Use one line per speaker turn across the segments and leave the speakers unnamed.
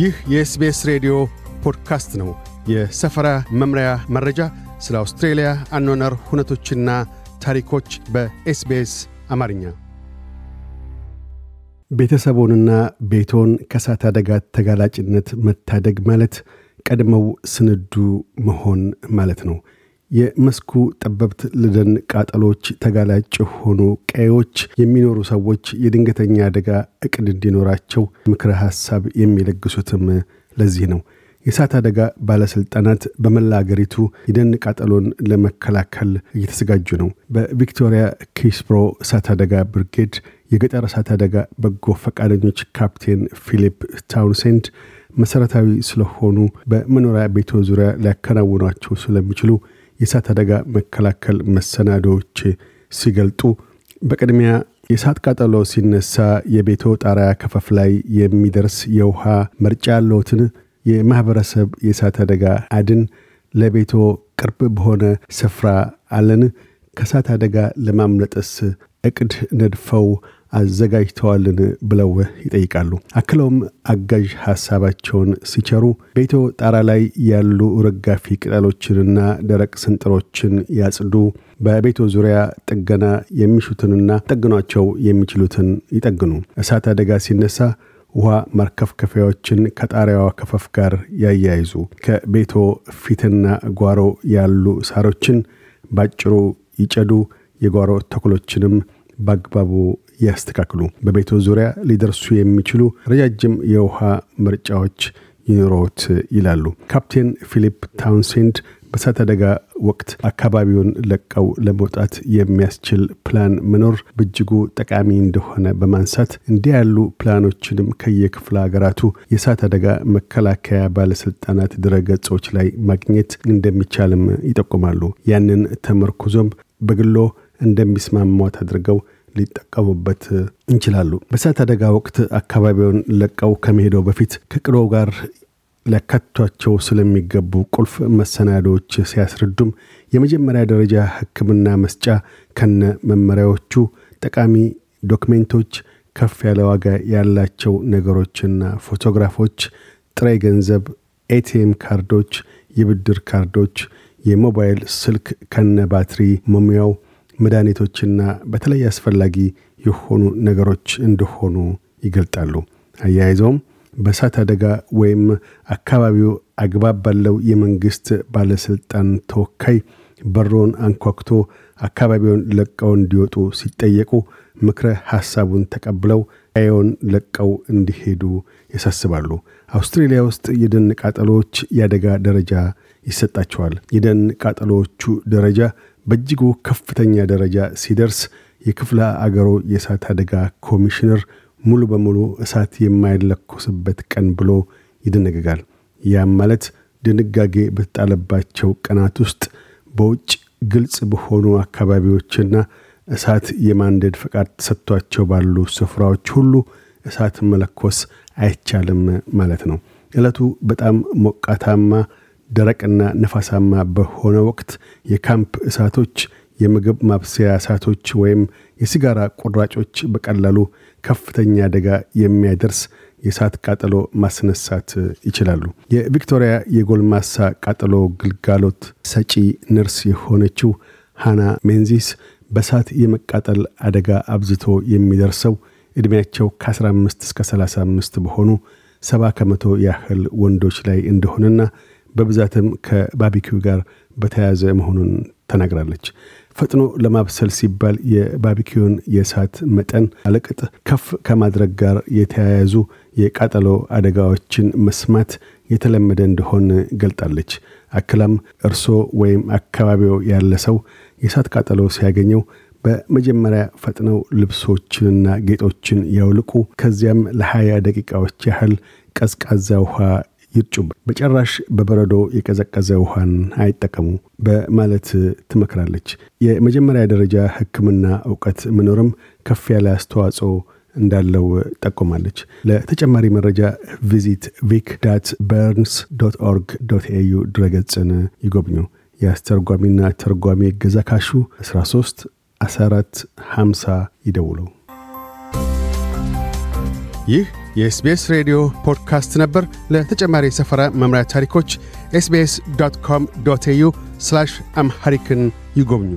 ይህ የኤስቤስ ሬዲዮ ፖድካስት ነው። የሰፈራ መምሪያ መረጃ፣ ስለ አውስትሬልያ አኗነር ሁነቶችና ታሪኮች በኤስቤስ አማርኛ። ቤተሰቦንና ቤቶን ከሳት አደጋ ተጋላጭነት መታደግ ማለት ቀድመው ስንዱ መሆን ማለት ነው። የመስኩ ጠበብት ለደን ቃጠሎች ተጋላጭ ሆኑ ቀዮች የሚኖሩ ሰዎች የድንገተኛ አደጋ እቅድ እንዲኖራቸው ምክረ ሐሳብ የሚለግሱትም ለዚህ ነው። የእሳት አደጋ ባለስልጣናት በመላ አገሪቱ የደን ቃጠሎን ለመከላከል እየተዘጋጁ ነው። በቪክቶሪያ ኪስፕሮ እሳት አደጋ ብርጌድ የገጠር እሳት አደጋ በጎ ፈቃደኞች ካፕቴን ፊሊፕ ታውንሴንድ መሰረታዊ ስለሆኑ በመኖሪያ ቤቶ ዙሪያ ሊያከናውኗቸው ስለሚችሉ የእሳት አደጋ መከላከል መሰናዶዎች ሲገልጡ በቅድሚያ የእሳት ቃጠሎ ሲነሳ የቤቶ ጣሪያ ክፈፍ ላይ የሚደርስ የውሃ መርጫ ያለውትን የማኅበረሰብ የእሳት አደጋ አድን ለቤቶ ቅርብ በሆነ ስፍራ አለን ከእሳት አደጋ ለማምለጥስ እቅድ ነድፈው አዘጋጅተዋልን ብለው ይጠይቃሉ። አክለውም አጋዥ ሀሳባቸውን ሲቸሩ በኢትዮ ጣራ ላይ ያሉ ረጋፊ ቅጠሎችንና ደረቅ ስንጥሮችን ያጽዱ፣ በቤቶ ዙሪያ ጥገና የሚሹትንና ጠግኗቸው የሚችሉትን ይጠግኑ፣ እሳት አደጋ ሲነሳ ውሃ ማርከፍከፊያዎችን ከጣሪያዋ ክፈፍ ጋር ያያይዙ፣ ከቤቶ ፊትና ጓሮ ያሉ ሳሮችን ባጭሩ ይጨዱ፣ የጓሮ ተክሎችንም በአግባቡ ያስተካክሉ። በቤቶ ዙሪያ ሊደርሱ የሚችሉ ረጃጅም የውሃ ምርጫዎች ይኑሮት ይላሉ ካፕቴን ፊሊፕ ታውንሴንድ። በእሳት አደጋ ወቅት አካባቢውን ለቀው ለመውጣት የሚያስችል ፕላን መኖር በእጅጉ ጠቃሚ እንደሆነ በማንሳት እንዲህ ያሉ ፕላኖችንም ከየክፍለ ሀገራቱ የእሳት አደጋ መከላከያ ባለስልጣናት ድረገጾች ላይ ማግኘት እንደሚቻልም ይጠቁማሉ። ያንን ተመርኩዞም በግሎ እንደሚስማማው አድርገው ሊጠቀሙበት እንችላሉ። በሳት አደጋ ወቅት አካባቢውን ለቀው ከመሄደው በፊት ከቅሎ ጋር ለከቷቸው ስለሚገቡ ቁልፍ መሰናዶዎች ሲያስረዱም የመጀመሪያ ደረጃ ህክምና መስጫ ከነ መመሪያዎቹ ጠቃሚ ዶክሜንቶች፣ ከፍ ያለ ዋጋ ያላቸው ነገሮችና ፎቶግራፎች፣ ጥሬ ገንዘብ፣ ኤቲኤም ካርዶች፣ የብድር ካርዶች፣ የሞባይል ስልክ ከነ ባትሪ መሙያው መድኃኒቶችና በተለይ አስፈላጊ የሆኑ ነገሮች እንደሆኑ ይገልጣሉ። አያይዘውም በእሳት አደጋ ወይም አካባቢው አግባብ ባለው የመንግስት ባለስልጣን ተወካይ በሮውን አንኳኩቶ አካባቢውን ለቀው እንዲወጡ ሲጠየቁ ምክረ ሐሳቡን ተቀብለው አየውን ለቀው እንዲሄዱ ያሳስባሉ። አውስትሬሊያ ውስጥ የደን ቃጠሎዎች የአደጋ ደረጃ ይሰጣቸዋል። የደን ቃጠሎዎቹ ደረጃ በእጅጉ ከፍተኛ ደረጃ ሲደርስ የክፍለ አገሩ የእሳት አደጋ ኮሚሽነር ሙሉ በሙሉ እሳት የማይለኮስበት ቀን ብሎ ይደነግጋል። ያም ማለት ድንጋጌ በተጣለባቸው ቀናት ውስጥ በውጭ ግልጽ በሆኑ አካባቢዎችና እሳት የማንደድ ፈቃድ ተሰጥቷቸው ባሉ ስፍራዎች ሁሉ እሳት መለኮስ አይቻልም ማለት ነው። ዕለቱ በጣም ሞቃታማ ደረቅና ነፋሳማ በሆነ ወቅት የካምፕ እሳቶች፣ የምግብ ማብሰያ እሳቶች ወይም የሲጋራ ቁራጮች በቀላሉ ከፍተኛ አደጋ የሚያደርስ የእሳት ቃጠሎ ማስነሳት ይችላሉ። የቪክቶሪያ የጎልማሳ ቃጠሎ ግልጋሎት ሰጪ ነርስ የሆነችው ሃና ሜንዚስ በእሳት የመቃጠል አደጋ አብዝቶ የሚደርሰው ዕድሜያቸው ከ15 እስከ 35 በሆኑ 7 ከመቶ ያህል ወንዶች ላይ እንደሆነና በብዛትም ከባቢኪው ጋር በተያያዘ መሆኑን ተናግራለች። ፈጥኖ ለማብሰል ሲባል የባቢኪውን የእሳት መጠን አለቅጥ ከፍ ከማድረግ ጋር የተያያዙ የቃጠሎ አደጋዎችን መስማት የተለመደ እንደሆን ገልጣለች። አክላም እርሶ ወይም አካባቢው ያለ ሰው የእሳት ቃጠሎ ሲያገኘው በመጀመሪያ ፈጥነው ልብሶችንና ጌጦችን ያውልቁ። ከዚያም ለሀያ ደቂቃዎች ያህል ቀዝቃዛ ውሃ ይርጩ፣ በጨራሽ በበረዶ የቀዘቀዘ ውሃን አይጠቀሙ በማለት ትመክራለች። የመጀመሪያ ደረጃ ሕክምና እውቀት መኖርም ከፍ ያለ አስተዋጽኦ እንዳለው ጠቁማለች። ለተጨማሪ መረጃ ቪዚት ቪክ ዳት በርንስ ዶት ኦርግ ዶት ኤዩ ድረገጽን ይጎብኙ። የአስተርጓሚና ተርጓሚ እገዛ ካሹ 13 14 50 ይደውሉ። ይህ የኤስቢኤስ ሬዲዮ ፖድካስት ነበር። ለተጨማሪ የሰፈራ መምሪያ ታሪኮች ኤስቢኤስ ዶት ኮም ዶት ኤዩ አምሐሪክን ይጎብኙ።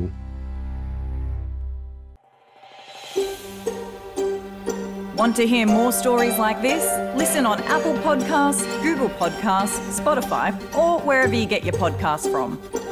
Want to hear more stories like this? Listen on Apple Podcasts, Google Podcasts, Spotify, or wherever you get your podcasts from.